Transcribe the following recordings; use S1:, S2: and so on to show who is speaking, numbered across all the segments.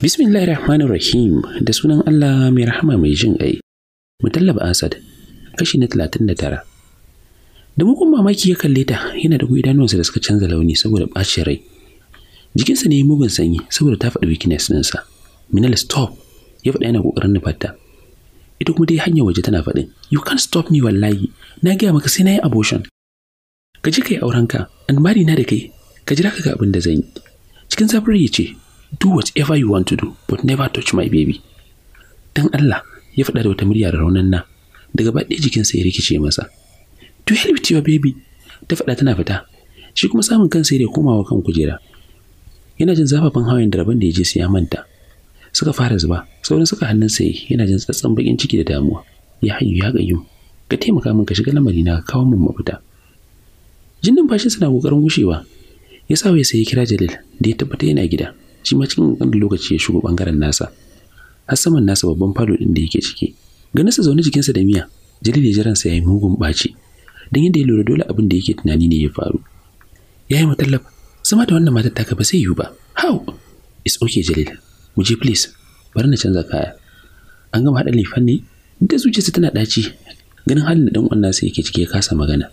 S1: Bismillahirrahmanirrahim da sunan Allah mai rahama mai jin ƙai. Mutallab Asad kashi na talatin Da tara. mugun mamaki ya kalle ta yana da idanuwansa da suka canza launi saboda ɓacin rai. Jikinsa ne mugun sanyi saboda ta faɗi weakness ɗinsa. Minal stop ya faɗa yana ƙoƙarin ta. Ita kuma dai hanyar waje tana faɗin you can't stop me wallahi na gaya maka sai na yi abortion. ka ji kai aurenka mari na da kai ka jira ka ga abin da zan yi cikin zafin ya ce do whatever you want to do but never touch my baby dan Allah ya faɗa da wata murya da raunan na daga baɗe jikinsa ya rikice masa to help with your baby ta faɗa tana fita shi kuma samun kansa ya komawa kan kujera yana jin zafafan hawan da rabin da ya je su ya manta suka fara zuba sauran suka hannun sai yana jin tsatsan bakin ciki da damuwa ya hayu ya gayu ka taimaka min ka shiga lamari na kawo min mafita jin numfashinsa na kokarin gushewa ya sa ya sai kira Jalil da ya tabbata yana gida shi ma cikin ƙanƙanin lokaci ya shigo ɓangaren nasa har saman nasa babban falo ɗin da yake ciki ganinsa zaune jikinsa da miya Jalil ya ji ransa ya yi mugun ɓaci don yadda ya lura dole abin da yake tunani ne ya faru ya yi matallaf sama da wannan matar taka ba sai yiwu ba how it's okay Jalil mu je please bari na canza kaya an gama haɗa lifan ne da zuciyarsa tana ɗaci ganin halin da ɗan uwan nasa yake ciki ya kasa magana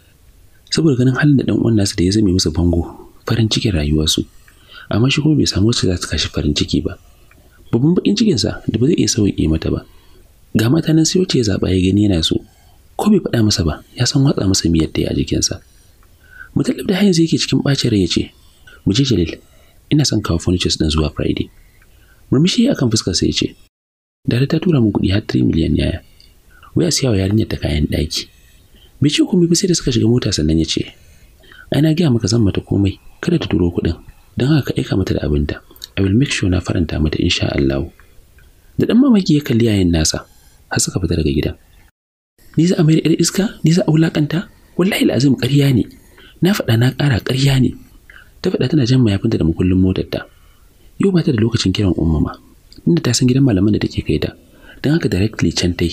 S1: saboda ganin halin da dan uwan da ya zame musu bango farin cikin rayuwarsu amma shi kuma bai samu wacce za ta kashi farin ciki ba babban bakin cikinsa da ba zai iya sauƙi mata ba ga mata nan sai wacce ya zaɓa ya gani yana so ko bai faɗa masa ba ya san watsa masa miyar da ya a jikinsa mutallab da hayan yake cikin ɓacin rai ya ce mu je jalil ina son kawo furnitures ɗin zuwa friday murmushi akan fuskar sa ya ce dare ta tura min kuɗi har 3 miliyan yaya wai a siya wa yarinyar ta kayan ɗaki bai ce komai ba sai da suka shiga mota sannan ya ce ai na gaya maka zan mata komai kada ta turo kuɗin don haka ka aika mata da abinta i will make sure na faranta mata insha Allah da dan mamaki ya kalli yayin nasa har suka fita daga gidan ni za a mai da iska ni za a wulakanta wallahi lazim ƙarya ne na faɗa na ƙara ƙarya ne ta faɗa tana jan mayafinta da mukullin motar yau ba ta da lokacin kiran ummama inda ta san gidan malaman da take kai ta don haka directly can ta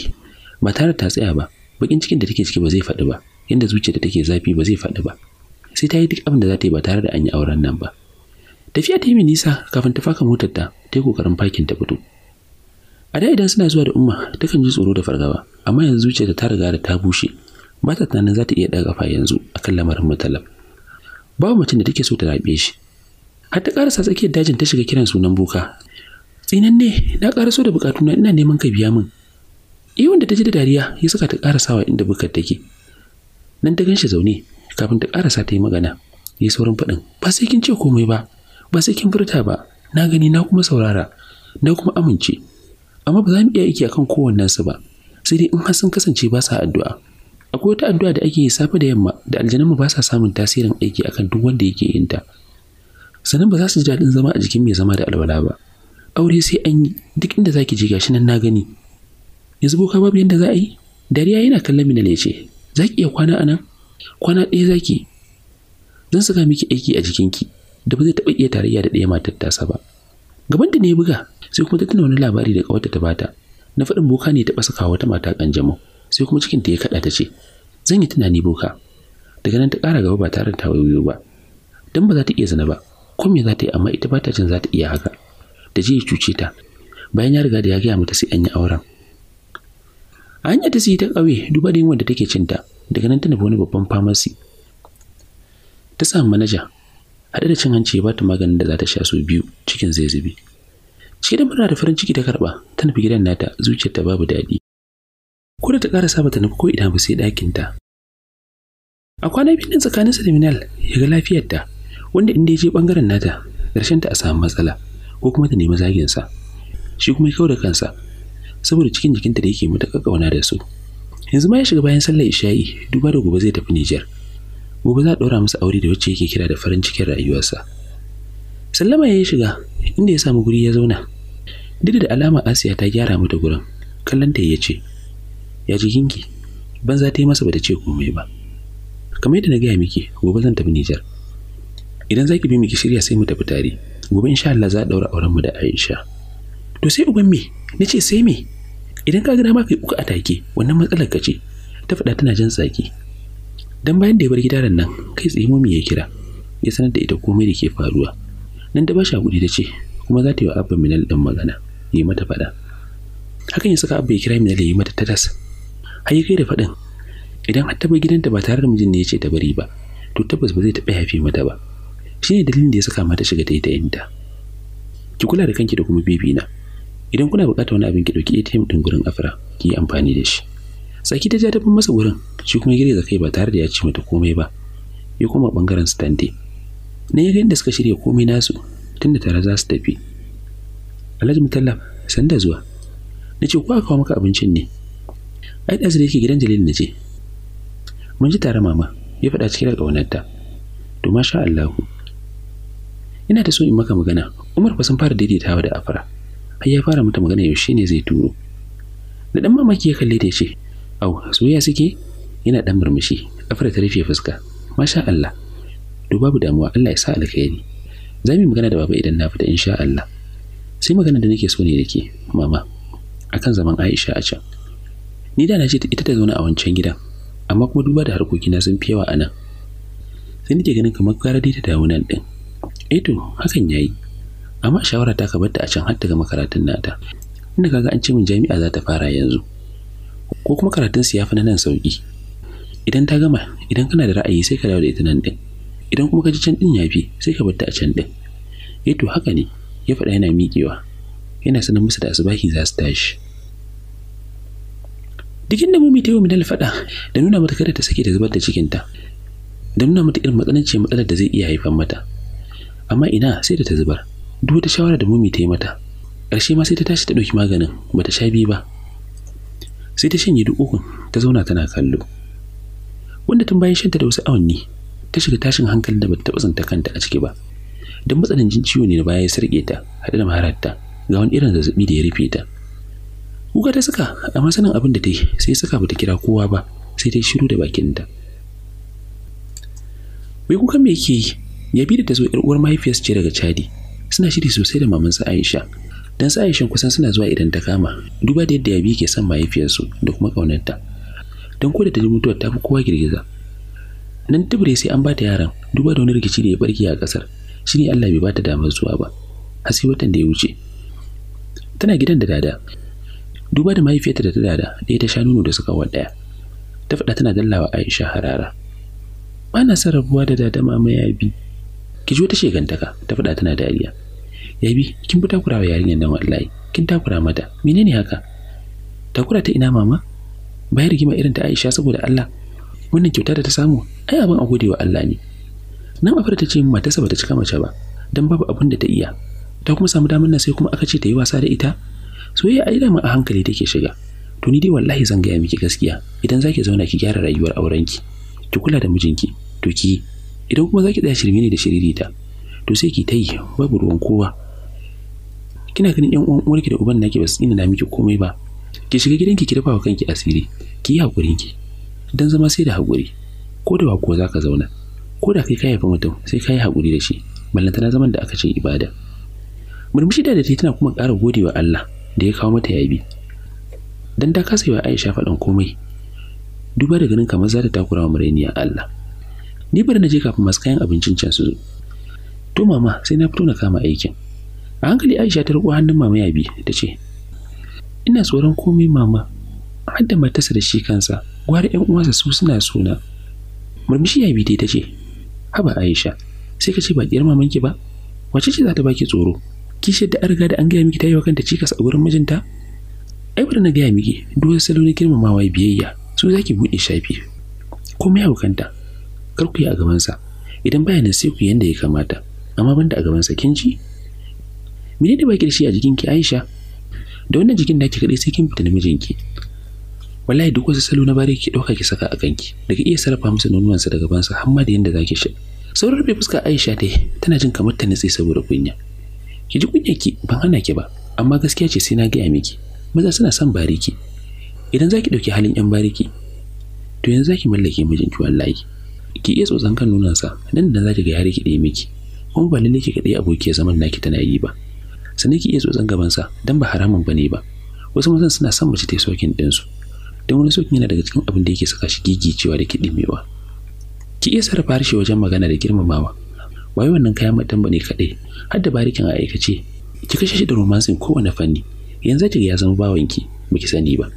S1: ba tare ta tsaya ba bakin cikin da take ciki ba zai faɗi ba inda zuciyar da take zafi ba zai faɗi ba sai ta yi duk abin da za ta yi ba tare da an yi auren nan ba tafiya ta yi nisa kafin ta faka motar ta ta yi kokarin fakin ta fito a da idan suna zuwa da umma takan ji tsoro da fargaba amma yanzu zuciyarta ta riga da ta bushe ba ta tunanin za ta iya ɗaga kafa yanzu akan lamarin matalab babu mutum da take so ta rabe shi har ta karasa tsakiyar dajin ta shiga kiran sunan boka tsinan ne na karaso da bukatuna ina neman ka biya min Iwon da ta ji da dariya ya saka ta wa inda bukar take. Nan ta ganshi zaune kafin ta ƙarasa ta yi magana. Yi saurin faɗin ba sai kin ce komai ba, ba sai kin furta ba, na gani na kuma saurara, na kuma amince. Amma ba za mu iya aiki akan kowannensu ba, sai dai in har sun kasance ba sa addu'a. Akwai wata addu'a da ake yi safe da yamma da aljanunmu ba sa samun tasirin aiki akan duk wanda yake yin ta. Sannan ba za su ji daɗin zama a jikin mai zama da alwala ba. Aure sai an yi duk inda za ki je gashi nan na gani. yanzu boka babu yadda za a yi dariya yana kallon mina ne ce za ki iya kwana anan? kwana ɗaya za ki zan saka miki aiki a jikinki da ba zai taɓa iya tarayya da ɗaya matar tasa ba gaban da ne buga sai kuma ta tuna wani labari da ƙawarta ta bata na faɗin boka ne ta taɓa sakawa wata mata ƙanjamau sai kuma cikin ta ya kaɗa ta ce zan yi tunani boka daga nan ta ƙara gaba ba tare da ta wayo ba dan ba za ta iya zina ba ko me za ta yi amma ita ba ta jin za ta iya haka da jiya ya cuce ta bayan ya riga da ya gaya mata sai an yi auren a hanyar ta ta ƙauye duba da yunwar da take cinta daga nan ta nufi wani babban famasi ta samu manaja haɗe da cin hanci ya bata maganin da za ta sha sau biyu cikin zai cike da murna da farin ciki ta karɓa ta nufi gidan nata zuciyar ta babu daɗi ko da ta ƙara saba ta nufi ko idan ba sai ɗakin ta a kwana biyu ɗin tsakaninsa da minal ya ga lafiyarta wanda inda ya je ɓangaren nata ƙarshen ta a samu matsala ko kuma ta nemi sa shi kuma ya kawo da kansa saboda cikin jikinta da yake mata ƙauna da su yanzu ma ya shiga bayan sallar isha'i duba da gobe zai tafi Nijar gobe za a ɗora masa aure da wacce yake kira da farin cikin rayuwarsa sallama ya shiga inda ya samu guri ya zauna duk da alama asiya ta gyara mata gurin kallonta ya ce ya ji jikinki ban za ta yi masa ba ta ce komai ba kamar yadda na gaya miki gobe zan tafi Nijar idan zaki bi miki shirya sai mu tafi tare gobe insha Allah za a ɗaura auren mu da Aisha to sai uban me nace sai me idan ka ga mafi uku a take wannan matsalar ka ce ta faɗa tana jan tsaki dan bayan da ya bar gidaran nan kai tsaye mami ya kira ya sanar da ita komai da ke faruwa nan da ba shi hakuri ta ce kuma za ta yi wa abba minal ɗan magana ya yi mata faɗa hakan ya saka abba ya kira minal ya yi mata tatas har ya kai da faɗin idan har ta bar gidanta ba tare da mijin ne ya ce ta bari ba to tabbas ba zai taɓa yafe mata ba Shi ne dalilin da ya saka mata shiga ta yi ta yanta. ki kula da kanki da kuma bibi na idan kuna buƙatar wani abin ki ɗauki atm ɗin gurin afra ki yi amfani da shi tsaki ta ja ta masa gurin shi kuma girgiza kai ba tare da ya ci mata komai ba ya koma bangaren standi na yi da suka shirya komai nasu tunda tare za su tafi alhaji mutallaf san da zuwa na ce ko a kawo maka abincin ne ai ɗazu da yake gidan jalil na je. mun ji tare mama ya faɗa cikin ƙaunarta to masha Allahu ina da so in maka magana Umar fa sun fara daidaitawa da Afra har ya fara mata magana yaushe ne zai turo da dan mamaki ya kalle ta ce au soyayya suke yana dan murmushi afra ta rufe fuska masha Allah to babu damuwa Allah ya sa alkhairi za mu magana da baba idan na fita insha Allah sai magana da nake so ne ke, mama akan zaman Aisha a can ni da na ce ita ta zauna a wancan gidan amma kuma duba da harkokina sun fi anan a sai nake ganin kamar gara da ta dawo nan din eh to hakan yayi amma shawara ta ka batta a can har ta gama karatun nata inda kaga an ce min jami'a za ta fara yanzu ko kuma karatun su yafi na nan sauki idan ta gama idan kana da ra'ayi sai ka dawo da ita nan din idan kuma ka ji can din yafi sai ka batta a can din eh to haka ne ya faɗa yana miƙewa yana sanin musu da asubahi za su tashi duk inda mummy ta yi wa Minal faɗa da nuna mata kada ta sake ta zubar da cikinta da nuna mata irin matsananciyar matsalar da zai iya haifar mata amma ina sai da ta zubar duk wata shawara da mumi ta yi mata ƙarshe ma sai ta tashi ta ɗauki maganin bata sha biyu ba sai ta shanye duk ukun ta zauna tana kallo wanda tun bayan shanta da wasu awanni ta shiga tashin hankalin da bata taɓa zanta kanta a ciki ba don matsanancin ciwo ne na baya ya sarƙe ta haɗe da mahararta ga wani irin zazzaɓi da ya rufe ta kuka ta saka amma sanin abin da ta yi sai saka bata kira kowa ba sai ta yi shiru da bakinta wai kukan me yake yi ya bi da ta zo 'yar uwar mahaifiyarsa ce daga chadi suna shiri sosai da mamansu Aisha dan su Aisha kusan suna zuwa idan ta kama duba da yadda Yabi ke son mahaifiyarsu da kuma kaunarta dan ko da ta ji mutuwar ta fi kowa girgiza nan tubure sai an bata yaran duba da wani rikici da ya barke a kasar ne Allah bai bata damar zuwa ba har sai watan da ya wuce tana gidan da dada duba da mahaifiyarta da ta dada ɗaya ta sha nono da suka waɗaya ta faɗa tana dallawa Aisha harara ba na son da dada mama Yabi ki ji wata shegantaka ta faɗa tana dariya bi, kin fi takura wa yarinyar nan wallahi kin takura mata menene haka takura ta ina mama bayan rigima irin ta Aisha saboda Allah wannan kyauta da ta samu ai abin a gode wa Allah ne nan afar ta ce matarsa ta cika mace ba dan babu abin da ta iya ta kuma samu damar nan sai kuma aka ce ta yi wasa da ita soyayya a da mu a hankali take shiga to ni dai wallahi zan gaya miki gaskiya idan zaki zauna ki gyara rayuwar aurenki ki kula da mijinki to ki idan kuma za ki tsaya shirme ne da shiririta to sai ki ta yi babu ruwan kowa kina ganin yan uwan uwarki da uban naki ba su na miki komai ba ki shiga gidanki ki dafa kanki asiri ki yi hakuri ki dan zama sai da hakuri ko da ko za ka zauna ko da kai ka haifi mutum sai ka yi hakuri da shi na zaman da aka ce ibada murmushi da ta tana kuma ƙara godewa Allah da ya kawo mata yabi dan ta kasa wa Aisha faɗin komai duba da ganin kamar za ta takura wa a Allah ni bari na je kafin masu kayan abincin can su zo to mama sai na fito na kama aikin a hankali aisha ta riko hannun mama ya bi, ta ce ina tsoron komai mama har da matarsa da shi kansa gwari yan uwansa su suna suna murmushi bi dai ta ce haba aisha sai ka ce ba maman ki ba wace ce za ta baki tsoro kishiyar da an da an gaya miki ta yi wa kanta cikas a gurin mijinta ai bari na gaya miki dole salo na girmamawa biyayya su zaki buɗe shafi komai kanta. kar ku yi a gabansa idan baya nan sai ku yi yanda ya kamata amma banda a gabansa kin ji mene ne baki da shi a jikinki Aisha da wannan jikin da kaɗai sai kin fita namijinki wallahi duk wasu salo na bare ki ɗauka ki saka a kanki ka iya sarrafa masa nonuwansa da gabansa har ma da yanda zaki shi sauran rufe fuska Aisha ta tana jin kamar ta nutse saboda kunya ki ji kunya ki ban hana ki ba amma gaskiya ce sai na gaya miki maza suna son bariki idan zaki ɗauki halin yan bariki to yanzu zaki mallake mijinki wallahi ki iya tsotsan kan sa nan da za ki ga ya miki kuma ba lalle ki kaɗai abokiyar zaman naki tana yi ba sannan ki iya tsotsan gabansa don ba haramun bane ba wasu mutan suna son mace ta yi din su don wani sokin yana daga cikin abin da yake saka shi gigicewa da ki dimewa ki iya sarrafa harshe wajen magana da girmamawa wai wannan kayan matan bane ne kaɗai har da barikin a aikace ki kashe shi da romansin kowane fanni yanzu ki ya zama bawanki ba ki sani ba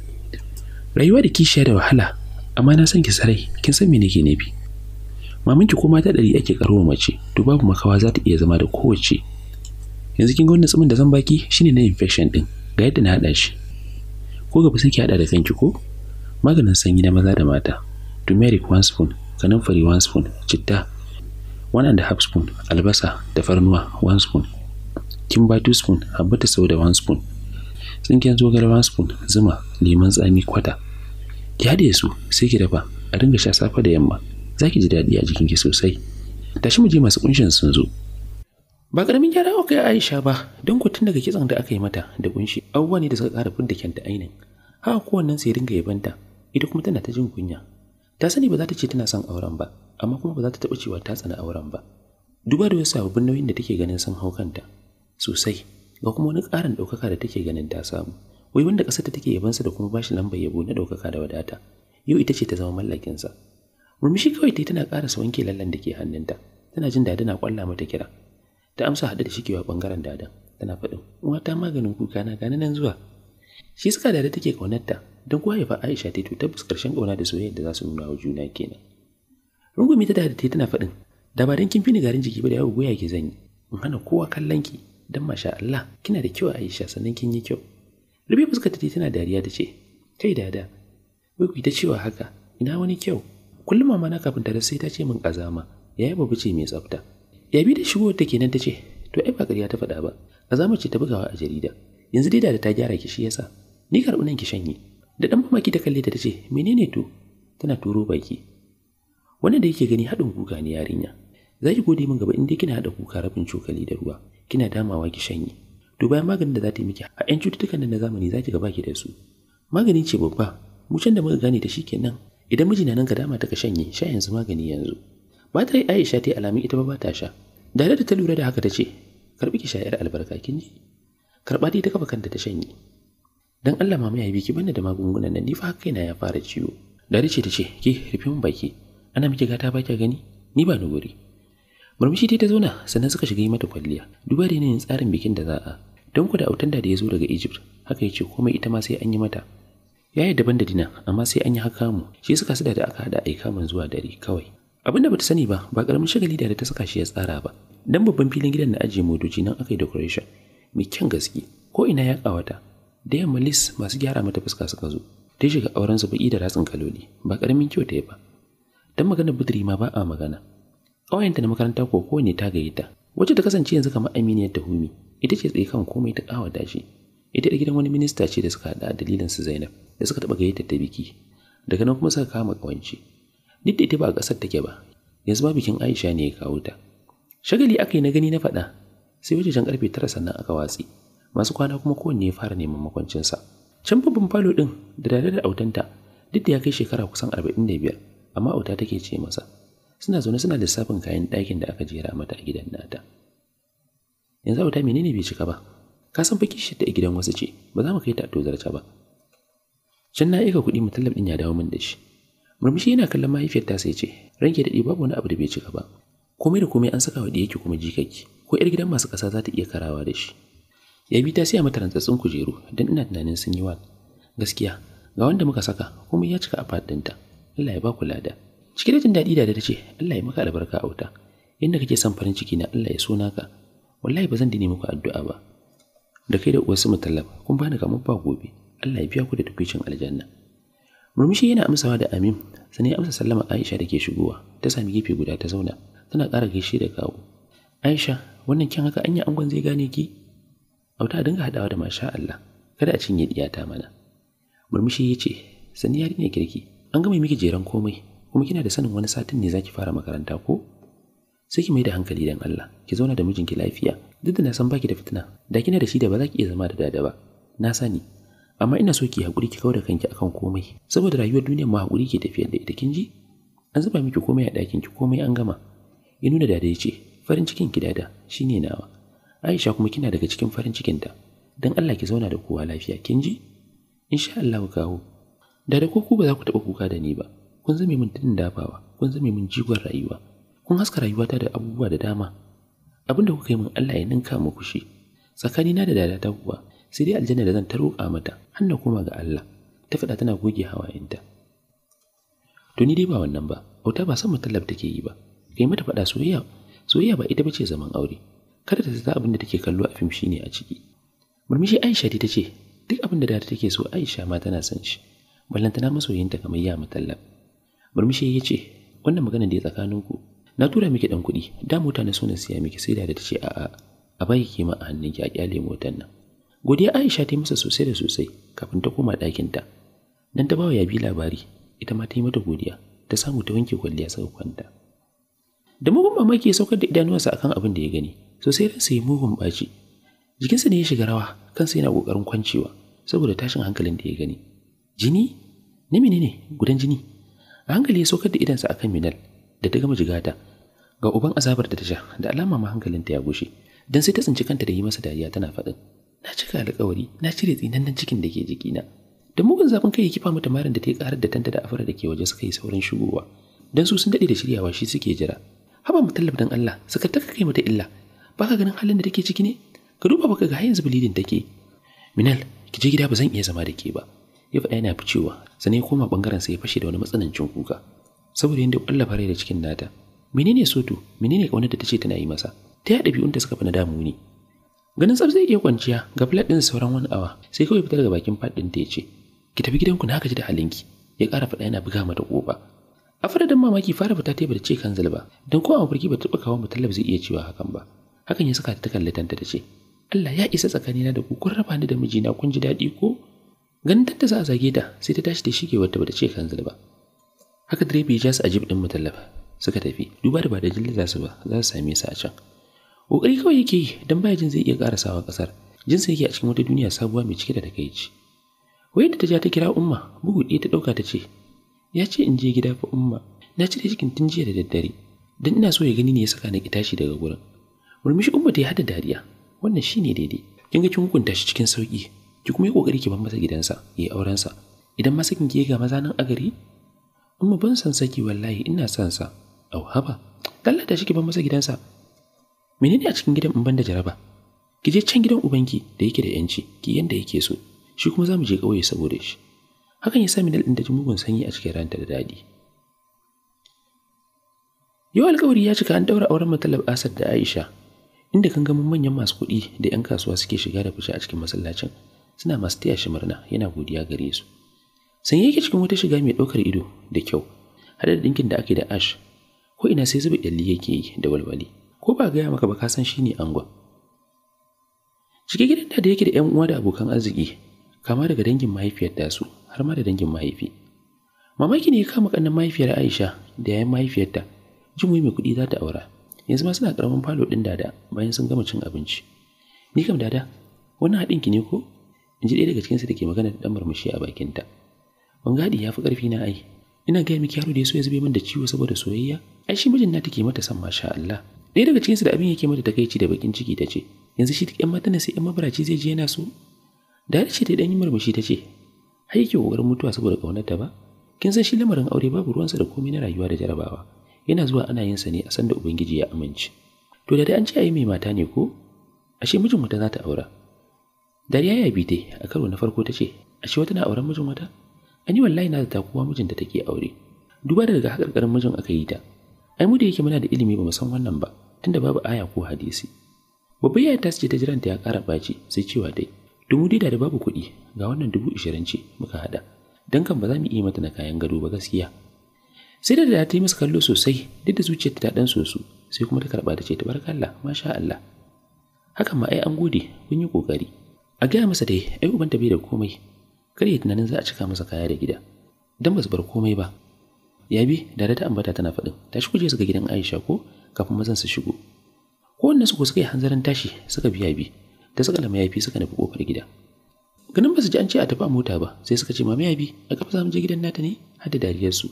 S1: rayuwa da kishiya da wahala amma na san ki sarai kin san me nake nufi maminki ko mata ɗari ake karo mace to babu makawa za ta iya zama da kowace yanzu kin ga wannan tsumin da zan baki shine na infection din ga yadda na haɗa shi ko gaba sai ki haɗa da kanki ko maganin sanyi na maza da mata turmeric one spoon kanumfari one spoon citta one and a half spoon albasa da farnuwa one spoon kimba two spoon habbata da one spoon tsinken zogale one spoon zuma liman tsami kwata ki haɗe su sai ki dafa a dinga sha safe da yamma za ki ji daɗi a jikinki sosai tashi mu je masu kunshin sun zo ba karamin gyara aka yi Aisha ba don ku tun daga kitsan da aka yi mata da kunshi abubuwa ne da suka ƙara fidda kyanta ainin haka kowannen sai ringa yabanta ita kuma tana ta jin kunya ta sani ba za ta ce tana son auren ba amma kuma ba za ta taɓa cewa ta tsana auren ba duba da wasu sababbin nauyin da take ganin sun hau kanta sosai ga kuma wani ƙarin ɗaukaka da take ganin ta samu wai wanda ƙasar ta take yabansa da kuma bashi lambar yabo na ɗaukaka da wadata yau ita ce ta zama mallakinsa murmushi kawai ta tana ƙarasa wanke lallan da ke hannunta tana jin dada na ƙwalla mata kira ta amsa haɗe da wa ɓangaren dadan tana faɗin uwa ta maganin kuka na gani nan zuwa shi suka dada take ƙaunarta don kuwa haifa aisha ta to tabbas ƙarshen ƙauna da soyayya da za su nuna wa juna kenan rungumi ta dada ta tana faɗin da kin fi ni garin jiki ba da yawo goya ke zan yi in hana kowa kallon ki don masha Allah kina da kyau Aisha sannan kin yi kyau Rabi fuskar ta tana dariya ta ce kai dada wai ku ta cewa haka ina wani kyau kullum mama na kafin ta sai ta ce min kazama yayi babu ce mai tsafta Ya yabi da shigo take nan ce? to ai ba ƙarya ta faɗa ba kazama ce ta bugawa a jarida yanzu dai da ta gyara ki shi yasa ni karɓi nan ki shanye da ɗan mamaki ta kalle ta ce, menene to tana turo baki wanda da yake gani haɗin kuka ne yarinya za ki gode min gaba in dai kina haɗa kuka rabin cokali da ruwa kina damawa ki shanye to bayan maganin da za ta yi miki a 'yan cututtukan nan na zamani za ki gaba ki da su magani ce babba Mucan da muka gane ta kenan idan miji na nan ka dama ta shanye sha yanzu magani yanzu yi Aisha ta yi alamin ita ba ba ta sha da da ta lura da haka ta ce karbi ki shayar albarka kin ji karba dai ta kafa kanta ta shanye dan Allah mama ya biki banda da magungunan nan ni fa haka kaina ya fara ciwo da ce ta ce ki rufe min baki ana miki gata ba ki gani ni ba ni wuri. murmushi ta zauna sannan suka shiga yi mata kwalliya duba da yanayin tsarin bikin da za a don ku da autan da ya zo daga Egypt haka ya ce komai ita ma sai an yi mata ya yi daban da dina, amma sai an yi haka mu shi suka sada da aka hada aika zuwa dare kawai Abinda da bata sani ba ba karamin shagali da ta saka shi ya tsara ba dan babban filin gidan na ajiye motoci nan aka yi decoration mai kyan gaske ko ina ya kawata da yamma lis masu gyara mata fuska suka zo ta shiga auren su baki da ratsin kaloli ba karamin kyau ta yi ba dan magana budiri ma ba a magana ƙawayenta na makaranta ko ne ta gayyata wacce ta kasance yanzu kamar aminiyar ta humi ita ce tsaye kan komai ta ƙawata shi ita da gidan wani minista ce da suka haɗa dalilin su Zainab da suka taba gayyata ta biki daga nan kuma suka kama kawanci duk da ita ba a ƙasar take ba yanzu ba bikin Aisha ne ya kawo ta shagali aka yi na gani na faɗa sai jan karfe tara sannan aka watsi masu kwana kuma kowanne ya fara neman sa can babban falo din, da dare da autanta duk da ya kai shekara kusan arba'in da biyar amma auta take ce masa suna zaune suna lissafin kayan ɗakin da aka jera mata a gidan nata yanzu auta menene bai cika ba ka san baki shi da gidan wasu ce ba za mu kai ta tozarta ba can na aika kuɗi mu tallaf din ya dawo min da shi murmushi yana kallon mahaifiyar ta sai ce ranke daɗi babu wani abu da bai cika ba komai da komai an saka wa kuma jikaki, ko yar gidan masu ƙasa za ta iya karawa da shi ya bi ta siya mata rantsatsun kujeru don ina tunanin sun yi wa. gaskiya ga wanda muka saka komai ya cika a ta. Allah ya ba ku lada cike da jin daɗi da ta ce Allah ya maka albarka auta inda kake son farin ciki na Allah ya so naka wallahi ba zan dine muku addu'a ba da kai da uwarsu mutallaba kun bani kamar ba gobe Allah ya biya ku da tukwicin aljanna murmushi yana amsawa da amin sani amsa sallama Aisha da ke shigowa ta sami gefe guda ta zauna tana ƙara gaishe da kawo Aisha wannan kyan haka anya angon zai gane ki auta dinga hadawa da masha Allah kada a cinye diyata mana murmushi yace sani yarinya kirki an gama miki jeran komai kuma kina da sanin wani satin ne zaki fara makaranta ko sai ki mai da hankali dan Allah ki zauna da mijinki lafiya duk da na san baki da fitina da kina da shi da ba za ki iya zama da dada ba na sani amma ina so ki hakuri ki da kanki akan komai saboda rayuwar duniya ma hakuri ke tafiyar da ita kin ji an zuba miki komai a ɗakin ki komai an gama ya nuna dada ya ce farin cikin ki dada shine nawa Aisha kuma kina daga cikin farin cikin ta dan Allah ki zauna da kowa lafiya kin ji insha Allah kawo dada ko ku ba za ku taɓa kuka da ni ba kun zame min tudin dafawa kun zame min jigon rayuwa kun haska rayuwata da abubuwa da dama abin da kuka yi min Allah ya ninka muku shi na da dada ta kuwa sai dai aljanna da zan ta roƙa mata hannu kuma ga Allah ta faɗa tana goge hawayenta to ni dai ba wannan ba auta ba san mutallab take yi ba kai mata fada soyayya soyayya ba ita bace zaman aure kada ta zata abin da take kallo a fim shine a ciki murmushi Aisha ta ce duk abin da data take so Aisha ma tana son shi ballantana masoyinta kamar ya mutallab murmushi ya ce wannan magana da ya tsakaninku na tura miki dan kuɗi da mota na so siya miki sai da ta ce a a baki ma a ki a kyale motar nan godiya Aisha ta yi masa sosai da sosai kafin ta koma ta dan ta bawa yabi labari ita ma ta yi mata godiya ta samu ta wanke kwalliya saka kwanta da mugun mamaki ya saukar da idanuwansa akan abin da ya gani sosai ran sai mugun ɓaci jikinsa ne ya shiga rawa kansa yana kokarin kwancewa saboda tashin hankalin da ya gani jini ne menene gudan jini a hankali ya saukar da idansa akan minal da ta gama jigata ga uban azabar da ta sha da alama ma hankalinta ya gushe dan sai ta tsinci kanta da yi masa dariya tana faɗin na cika alƙawari na cire tsinannen cikin da ke jikina da mugun zafin kai ya kifa mata marin da ta yi ƙarar da tanta da afara da ke waje suka yi saurin shigowa dan su sun daɗe da shiryawa shi suke jira haba mu dan Allah suka taka kai mata illa baka ganin halin da take ciki ne ka duba baka ga yanzu bilidin take minal ki je gida ba zan iya zama da ke ba ya faɗa yana ficewa sannan ya koma bangaren sa ya fashe da wani matsanancin kuka saboda yadda ƙwallon fare da cikin nata menene soto menene kaunar da ta ce tana yi masa ta yaɗa biyun da suka fi na damu ne ganin tsaf zai iya kwanciya ga flat ɗin sauran wani awa sai kawai fitar daga bakin fad ɗin ta ce ki tafi gidanku na haka ji da halinki ya ƙara faɗa yana buga mata ƙofa a dan mamaki fara fita ta bata ce kan zalba don kowa mafarki ba ta taɓa kawo mutallab zai iya cewa hakan ba hakan ya saka ta kalli tanta ta ce Allah ya isa tsakanina da ku kun raba ni da mijina kun ji daɗi ko ganin tanta za a zage ta sai ta tashi da shige wadda bata ce kan zalba haka direba ya ja a jib suka tafi duba da ba da jilli za su ba za su same su a can kokari kawai yake yi don baya jin zai iya karasawa kasar jinsa yake a cikin wata duniya sabuwa mai cike da takaici wayar da ta ja ta kira umma bugu ɗaya ta ɗauka ta ce ya ce in je gida fa umma na cire cikin tun jiya da daddare don ina so ya gani ne ya saka na tashi daga gurin murmushi umma ta yi hada dariya wannan shine daidai kin ga kin hukunta shi cikin sauki ki kuma yi kokari ki bar masa gidansa yayi auren sa idan ma sakin ki ga maza nan a umma ban san saki wallahi ina son sa Au haba, Allah da shi ki ban masa gidansa. Menene a cikin gidan in ban da jaraba? Ki je can gidan ubanki da yake da yanci, ki yanda yake so. Shi kuma za mu je kauye saboda shi. Hakan ya sa Minal ɗin da ji mugun sanyi a cikin ranta da daɗi. Yau alƙawari ya cika an ɗaura auren matalab Asad da Aisha, inda kan gama manyan masu kuɗi da 'yan kasuwa suke shiga da fice a cikin masallacin suna masu taya shi murna yana godiya gare su. Sanye yake cikin wata shiga mai ɗaukar ido da kyau, haɗa da ɗinkin da ake da ash ko ina sai zuba ɗalli yake yi da walwali ko ba gaya maka ba ka san shine angon cikin gidan da yake da yan uwa da abokan arziki kama daga dangin mahaifiyar su, har ma da dangin mahaifi mamaki ne ya kama kannan mahaifiyar Aisha da yayin mahaifiyarta jimui mai kuɗi za ta aura yanzu ma suna karamin falo ɗin dada bayan sun gama cin abinci ni kam dada wannan haɗinki ne ko in ji ɗaya daga cikinsu da ke magana da ɗan murmushi a bakinta. gadi ya fi ƙarfi na ai, ina gaya miki yaro da ya so ya zube min da ciwo saboda soyayya? ai shi mijin nata ke mata san masha Allah ɗaya daga cikinsu da abin yake mata takaici da bakin ciki ta ce yanzu shi duk yan mata sai yan mabaraci zai je yana so da ce ta dan yi murmushi ta ce har yake kokarin mutuwa saboda ta ba kin san shi lamarin aure babu ruwansa da komai na rayuwa da jarabawa yana zuwa ana yin sa ne a sanda ubangiji ya amince to da dai an ce ai mai mata ne ko ashe mijin wata za ta aura dariya ya bi dai a karo na farko ta ce ashe wata na auren mijin wata an yi wallahi na da takuwa mijin da take aure duba da daga hakarkarin mijin aka yi ta ai mu da yake muna da ilimi ba mu san wannan ba tunda babu aya ko hadisi babbar yaya ta ta jiranta ya kara ɓaci sai cewa dai dubu dida da babu kuɗi ga wannan dubu ishirin ce muka haɗa dan kan ba za mu iya mata na kayan gado ba gaskiya sai da da ta yi musu kallo sosai duk da zuciyarta ta ɗan soso sai kuma ta karɓa ta ce ta tabarakallah masha Allah hakan ma ai an gode kun yi ƙoƙari a gaya masa dai ai ta bai da komai kar ya tunanin za a cika masa kaya da gida don ba su bar komai ba Ya bi? da ta ambata tana faɗin tashi kuje suka gidan Aisha ko kafin mazan su shigo Ko su ko suka yi hanzarin tashi suka biya bi ta saka lama yafi suka nufi kofar gida ganin ba su ji an ce a tafi a mota ba sai suka ce mama yabi a kafa za mu je gidan nata ne har da dariyar su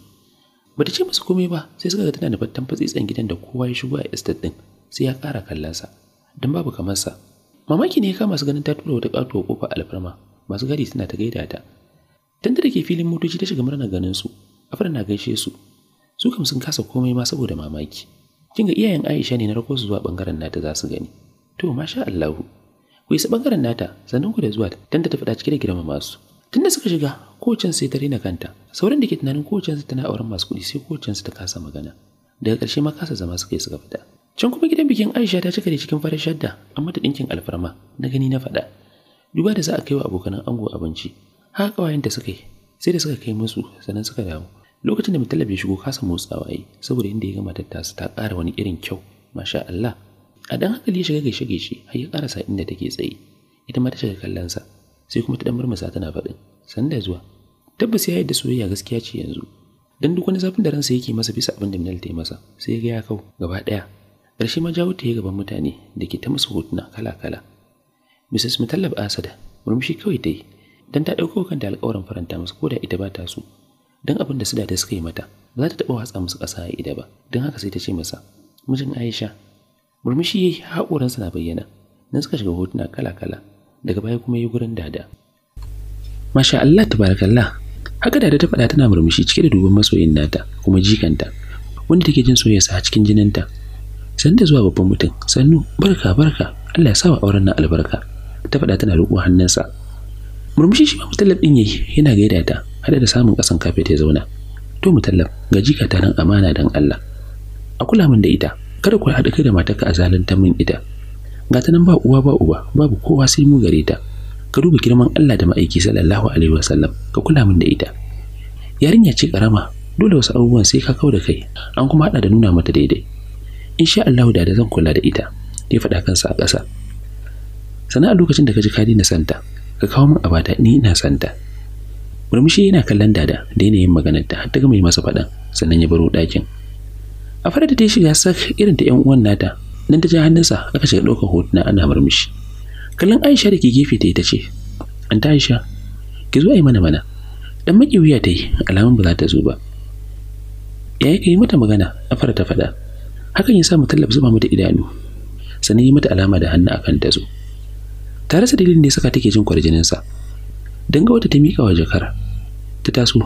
S1: bata ce musu komai ba sai suka ga tana nufar tamfatsi tsan gidan da kowa ya shigo a estate din sai ya kara kallon sa dan babu kamar sa mamaki ne ya kama su ganin ta tura wata katuwa kofar alfarma masu gadi suna ta gaida ta tun da ke filin motoci ta shiga murna ganin su afra na gaishe su su kam sun kasa komai ma saboda mamaki kin ga iyayen Aisha ne na rako su zuwa bangaren nata za su gani to masha Allah ku isa bangaren nata sannan ku da zuwa dan ta fada cikin da girmama su tunda suka shiga kocin sai ta rina kanta sauran da ke tunanin kocin su tana auren masu kuɗi sai kocin ta kasa magana daga ƙarshe ma kasa zama suka yi suka fita can kuma gidan bikin Aisha ta cika da cikin farar shadda amma ta dinkin alfarma na gani na faɗa duba da za a kai wa abokan ango abinci haka da suka yi sai da suka kai musu sannan suka dawo lokacin da mutallab ya shigo kasa motsawa waye, saboda inda ya gama tattasa ta ƙara wani irin kyau masha Allah a dan hankali ya shiga gaishe gaishe har ya ƙarasa inda take tsaye ita ma ta shiga kallon sa sai kuma ta dan murmusa tana faɗin da zuwa tabbas ya yadda soyayya gaskiya ce yanzu dan duk wani zafin da ransa yake masa bisa abin da Minal ta yi masa sai ya ga ya kau gaba ɗaya ƙarshe ma jawo ta yi gaban mutane da ke ta musu hotuna kala-kala Mrs. Mutallab Asada murmushi kawai ta yi Dan ta ɗauko kanta alƙawarin faranta masa ko da ita ba ta so don abin da su da suka yi mata ba za ta taɓa watsa musu ƙasa a ida ba don haka sai ta ce masa mijin aisha murmushi ya yi haƙoransa na bayyana nan suka shiga hotuna kala-kala daga baya kuma yi gurin dada masha allah ta tabarakallah haka dada ta faɗa tana murmushi cike da dubin masoyin nata kuma jikanta wanda take jin soyayya a cikin jininta sanda zuwa babban mutum sannu barka barka allah ya sa wa auren nan albarka ta faɗa tana riƙo hannunsa murmushi shi ma mutallab yayi yana gaida ta haɗe da samun kasan kafe ta zauna to mu tallaf ga jika ta nan amana dan Allah a kula min da ita kada ku haɗu kai da matarka a zalunta min ita ga ta nan ba uwa ba uba babu kowa sai mu gare ta ka duba girman Allah da ma'aiki sallallahu alaihi wasallam ka kula min da ita yarinya ce karama dole wasu abubuwan sai ka kau da kai an kuma haɗa da nuna mata daidai insha Allah da zan kula da ita ya faɗa kansa a ƙasa sana'a lokacin da ka ji ka daina santa ka kawo min abata ni ina santa murmushi yana kallon dada da yanayin maganar ta har ta gama yi masa faɗan sannan ya baro ɗakin a fara da ta shiga sak irin ta yan uwan nata nan ta ja hannunsa aka shiga ɗaukar hotuna ana murmushi kallon aisha da ke gefe ta ita ce an ta aisha ki zo a yi mana mana dan maki wuya ta yi alamun ba za ta zo ba ya yi mata magana a fara ta faɗa hakan ya sa tallafi zuba mata idanu sannan yi mata alama da hannu akan ta zo tare da dalilin da ya saka take jin kwarjininsa ga wata ta mika wa jakar ta taso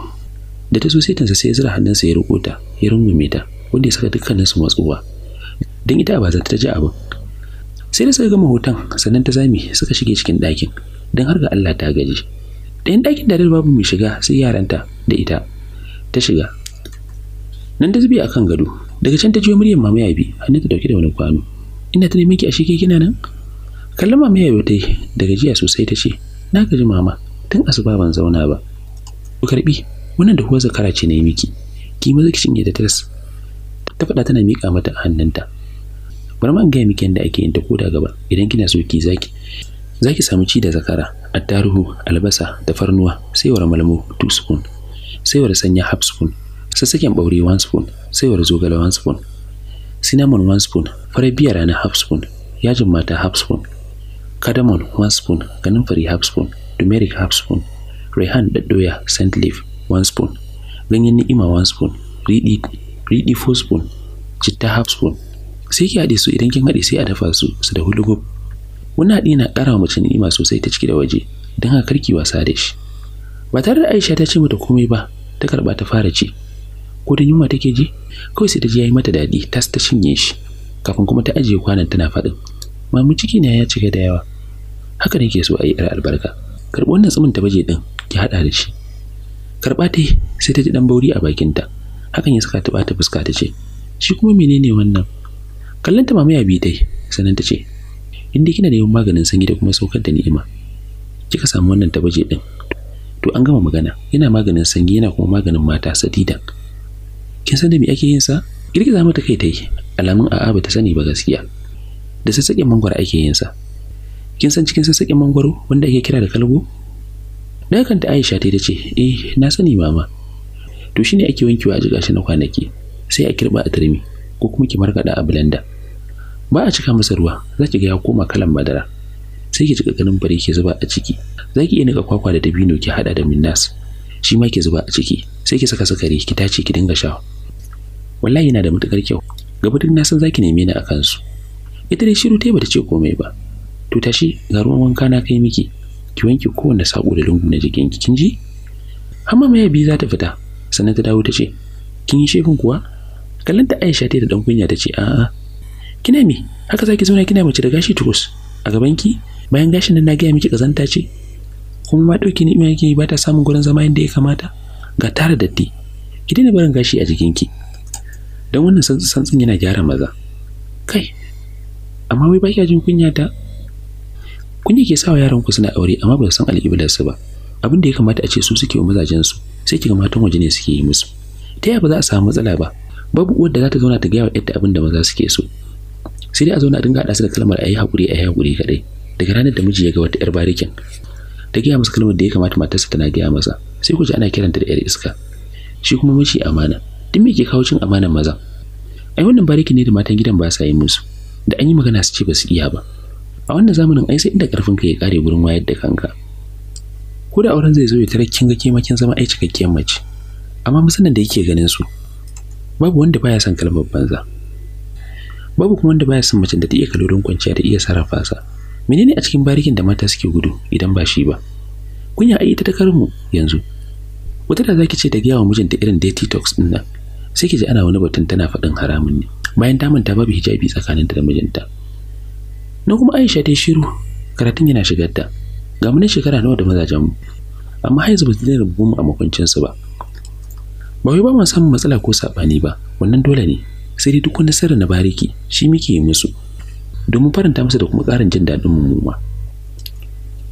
S1: da ta so sai tansa sai zira hannunsa ya riko ta ya rungume ta wanda ya saka dukkanin su matsuwa don ita ba za ta ji abin sai da suka gama hoton sannan ta zami suka shige cikin ɗakin don har ga Allah ta gaji ɗayan ɗakin da babu mai shiga sai yaranta da ita ta shiga nan ta zube a kan gado daga can ta jiyo muryar mama hannun ta dauke da wani kwano ina ta neman ki a shi kina nan kallon mama ta yi da gajiya sosai ta ce na gaji mama tun asuba ban zauna ba ku karbi wannan da huwa zakara ce na yi miki ki maza ki cinye da tas ta faɗa tana miƙa mata hannunta bari ma in gaya miki yadda ake yin ta ko da gaba idan kina so ki zaki zaki samu ci da zakara attaruhu albasa da tafarnuwa saiwar malmo two spoon saiwar sanya half spoon sassaken ɓaure one spoon saiwar zogale one spoon cinnamon one spoon farar biya rana half spoon yajin mata half spoon cardamom one spoon ganin fari half spoon turmeric half spoon rehan doya scent leaf one spoon ganyen ni'ima one spoon riɗi riɗi spoon citta half spoon sai ki haɗe su idan kin haɗe sai a dafa su su da hulugu wannan haɗi na ƙara mace ni'ima sosai ta ciki da waje don haka karki wasa da shi ba tare da Aisha ta ce mata komai ba ta karɓa ta fara ci ko da yunwa take ji kawai sai ta ji yayi mata daɗi tas ta cinye shi kafin kuma ta ajiye kwanan tana faɗin mamu ciki na ya cika da yawa haka ke so a yi albarka karɓi wannan tsumin ta baje ɗin ki haɗa da shi karɓa ta sai ta ji ɗan bauri a bakinta hakan ya saka ta ɓata fuska ta ce shi kuma menene wannan kallon ta mamaya bi dai sannan ta ce inda kina neman maganin sanyi da kuma saukar da ni'ima kika samu wannan ta baje ɗin to an gama magana yana maganin sanyi yana kuma maganin mata sadida kin san da me ake yin sa girgiza mata kai ta yi alamun a'a ba ta sani ba gaskiya da sassaƙin mangwara ake yin sa kin san cikin sassaƙin mangwaro wanda ake kira da kalgo daga kanta aisha ta ce eh na sani mama to shine ake wankewa a jiƙa shi na kwanaki sai a kirba a turmi ko kuma ki markaɗa a blender ba a cika masa ruwa za ki ga ya koma kalan madara sai ki jika ganin bari ki zuba a ciki za ki iya niƙa kwakwa da dabino ki haɗa da minnas shi ma ki zuba a ciki sai ki saka sukari ki tace ki dinga sha wallahi yana da matukar kyau gaba duk na san ki neme ni a kansu ita dai shiru ta bata ce komai ba to tashi ga ruwan wanka na kai miki ki wanke kowanne sako da lungu na jikinki kin ji amma mai bi za ta fita sannan ta dawo ta ce kin yi shefin kuwa kallanta Aisha ta da dan kunya ta ce a'a kina me haka zaki zauna kina mace da gashi tukus a gaban ki bayan gashin nan na gaya miki kazanta ce kuma ma dauki ni yake ba ta samun gurin zama inda ya kamata ga tara datti ki daina barin gashi a jikin ki dan wannan santsin yana gyara maza kai amma wai ba jin kunya ta kun ke sawa yaran ku suna aure amma ba su san al'iblar su ba abin da ya kamata a ce su suke wa mazajen su sai kiga matan waje ne suke yi musu ta yaya ba za a samu matsala ba babu uwar da za ta zauna ta gaya wa yadda abin da maza suke so sai dai a zauna a dinga haɗa su da kalmar ayi haƙuri ayi haƙuri kaɗai daga ranar da miji ya ga wata yar barikin ta gaya masa kalmar da ya kamata matarsa tana gaya masa sai ku ji ana kiranta da yar iska shi kuma miji amana duk me ke kawo cin amanar maza ai wannan barikin ne da matan gidan ba sa yi musu da an yi magana su ce ba su iya ba a wannan zamanin ai sai inda karfin ka ya kare gurin wayar da kanka ko da auren zai zo ya tare kin ga ke makin zama ai cikakken mace amma musannan da yake ganin su babu wanda baya san kalmar banza babu kuma wanda baya san mace da ta iya kalorin kwanciya da iya sarrafa sa menene a cikin barikin da mata suke gudu idan ba shi ba kunya ai ita ta karmu yanzu wata da zaki ce ta gaya wa mijinta irin da detox din nan sai ki ji ana wani batun tana faɗin haramun ne bayan ta manta babu hijabi tsakaninta da mijinta na kuma aisha ta shiru karatun yana shigar ta ga shekara nawa da mazajen mu amma har ba su daina mu a makwancin su ba ba wai ba mu samun matsala ko sabani ba wannan dole ne sai dai duk wani sirri na bariki shi muke yi musu domin faranta musu da kuma karin jin daɗin mu ma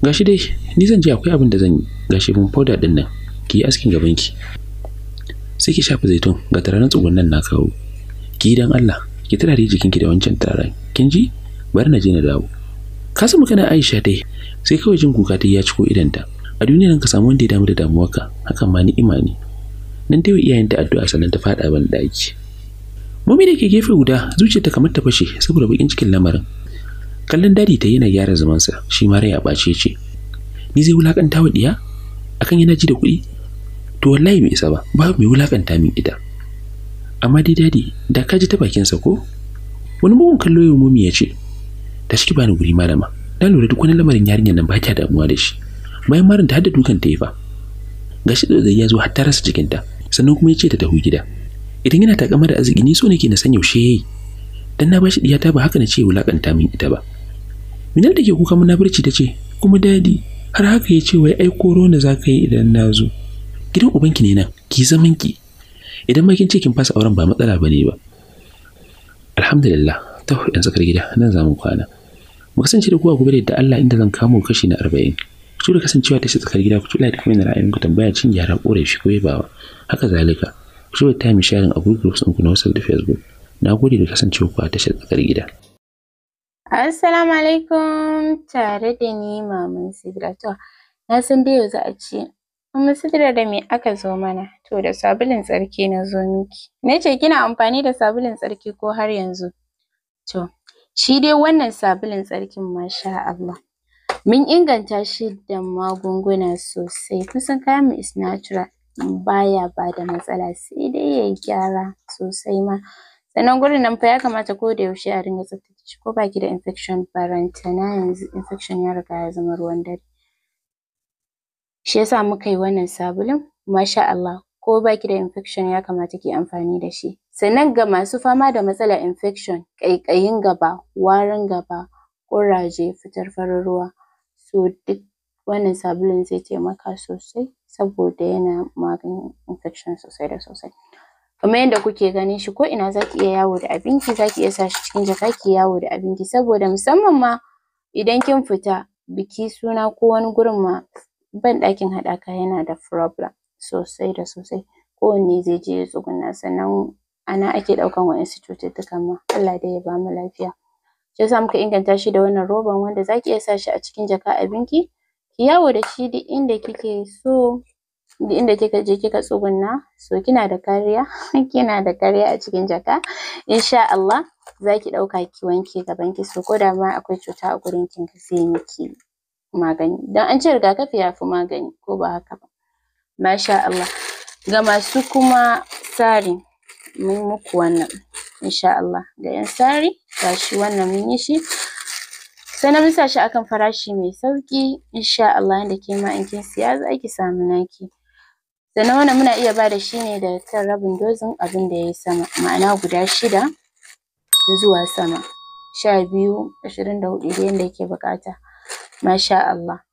S1: gashi dai ni zan je akwai abin da zan yi gashi mun foda din nan ki yi askin gaban ki sai ki shafa zaitun ga tararin tsugunnan na kawo ki dan Allah ki turare jikinki da wancan turaren kin ji bari na je na dawo ka samu kana Aisha dai sai kawai jin kuka ta ya ciko idanta a duniyar ka samu wanda ya damu da damuwarka hakan ma ni ne nan dai iyayenta addu'a sannan ta fada ban daki mummy da ke gefe guda zuciyar ta kamar ta fashe saboda bakin cikin lamarin kallon dadi ta yana gyara zamansa shi ma rai a bace ce ni zai wulakanta wa diya akan yana ji da kuɗi to wallahi bai isa ba babu mai wulakanta min ita amma dai dadi da ka ji ta bakinsa ko wani bugun kallo ya mummy ya ce ta shi bani guri malama na lura duk wani lamarin yarinyar nan ba ta damuwa da shi bayan marin ta hada dukan ta yi fa gashi da zai yazo har ta rasa jikinta sannan kuma ya ce ta tafi gida idan yana takama da arziki ni so nake na san yaushe yayi dan na bashi diyata ba haka na ce wulakanta min ita ba minal da ke kuka munafurci ta ce kuma dadi har haka ya ce wai ai koro na za ka yi idan na zo gidan ubanki ne nan ki zaman ki idan ma kin ce kin fasa auren ba matsala bane ba alhamdulillah to yanzu kar gida nan za mu kwana mu kasance da kowa gobe da Allah inda zan kamun kashi na arba'in ku da kasancewa ta tsakar gida ku tula da kuma yana ra'ayin ku tambaya cin yara korafi ko bawa haka zalika ku da mi sharing a group groups ku na WhatsApp da Facebook na gode da kasancewa ku a tashar tsakar gida
S2: Assalamu alaikum tare da ni maman Sidra to na san dai yau a ce kuma Sidra da me aka zo mana to da sabulin tsarki na zo miki nace kina amfani da sabulin tsarki ko har yanzu to Shi dai wannan sabulun tsarkin masha Allah mun inganta shi da magunguna sosai kusan kayan mu is natural baya bada matsala sai dai yayi gyara sosai ma. Sannan gurin nan fa ya kamata ko da yaushe a dinga tsaftace shi ko baki da infection barantana yanzu infection ya riga ya zama ruwan dare. Shi yasa muka yi wannan sabulun masha Allah ko baki da infection ya kamata kiyi amfani da shi. sannan ga masu fama da matsalar infection ƙaiƙayin gaba warin gaba ƙuraje fitar farin ruwa so duk wannan sabulun zai taimaka sosai saboda yana maganin infection sosai da sosai kamar yadda kuke ganin shi ko ina zaki iya yawo da abinki zaki iya sa shi cikin jaka ki yawo da abinki saboda musamman ma idan kin fita biki suna ko wani gurin ma banɗakin haɗaka yana da problem sosai da sosai kowanne zai je ya tsuguna sannan ana ake ɗaukan wa'insu cututtukan ma Allah dai ya bamu lafiya shi yasa muka inganta shi da wannan roban wanda zaki iya sa shi a cikin jaka abinki ki yawo da shi duk inda kike so duk inda kika je kika tsugunna so kina da kariya kina da kariya a cikin jaka insha Allah zaki ɗauka ki wanke gaban ki so koda ma akwai cuta a gurin kin ga miki magani don an ce rigakafi yafi magani ko ba haka ba masha Allah ga masu kuma sari mun muku wannan insha Allah da ƴan sari gashi wannan mun yi shi sai na sa shi akan farashi mai sauƙi insha Allah yanda kema in kin siya zaki samu naki sannan wannan muna iya bada shi ne da kan rabin dozin abinda yayi sama ma'ana guda shida zuwa sama sha biyu ashirin da huɗu dai yanda yake buƙata masha Allah